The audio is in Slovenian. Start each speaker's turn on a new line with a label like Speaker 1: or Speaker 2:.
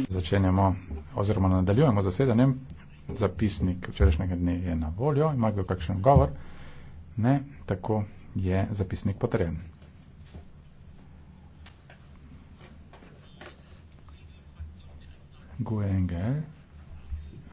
Speaker 1: misli. Začenjamo oziroma nadaljujemo zasedanjem. Zapisnik včerajšnjega dne je na voljo, ima kdo kakšen govor. Ne, tako je zapisnik potrjen.
Speaker 2: Gwen Gell.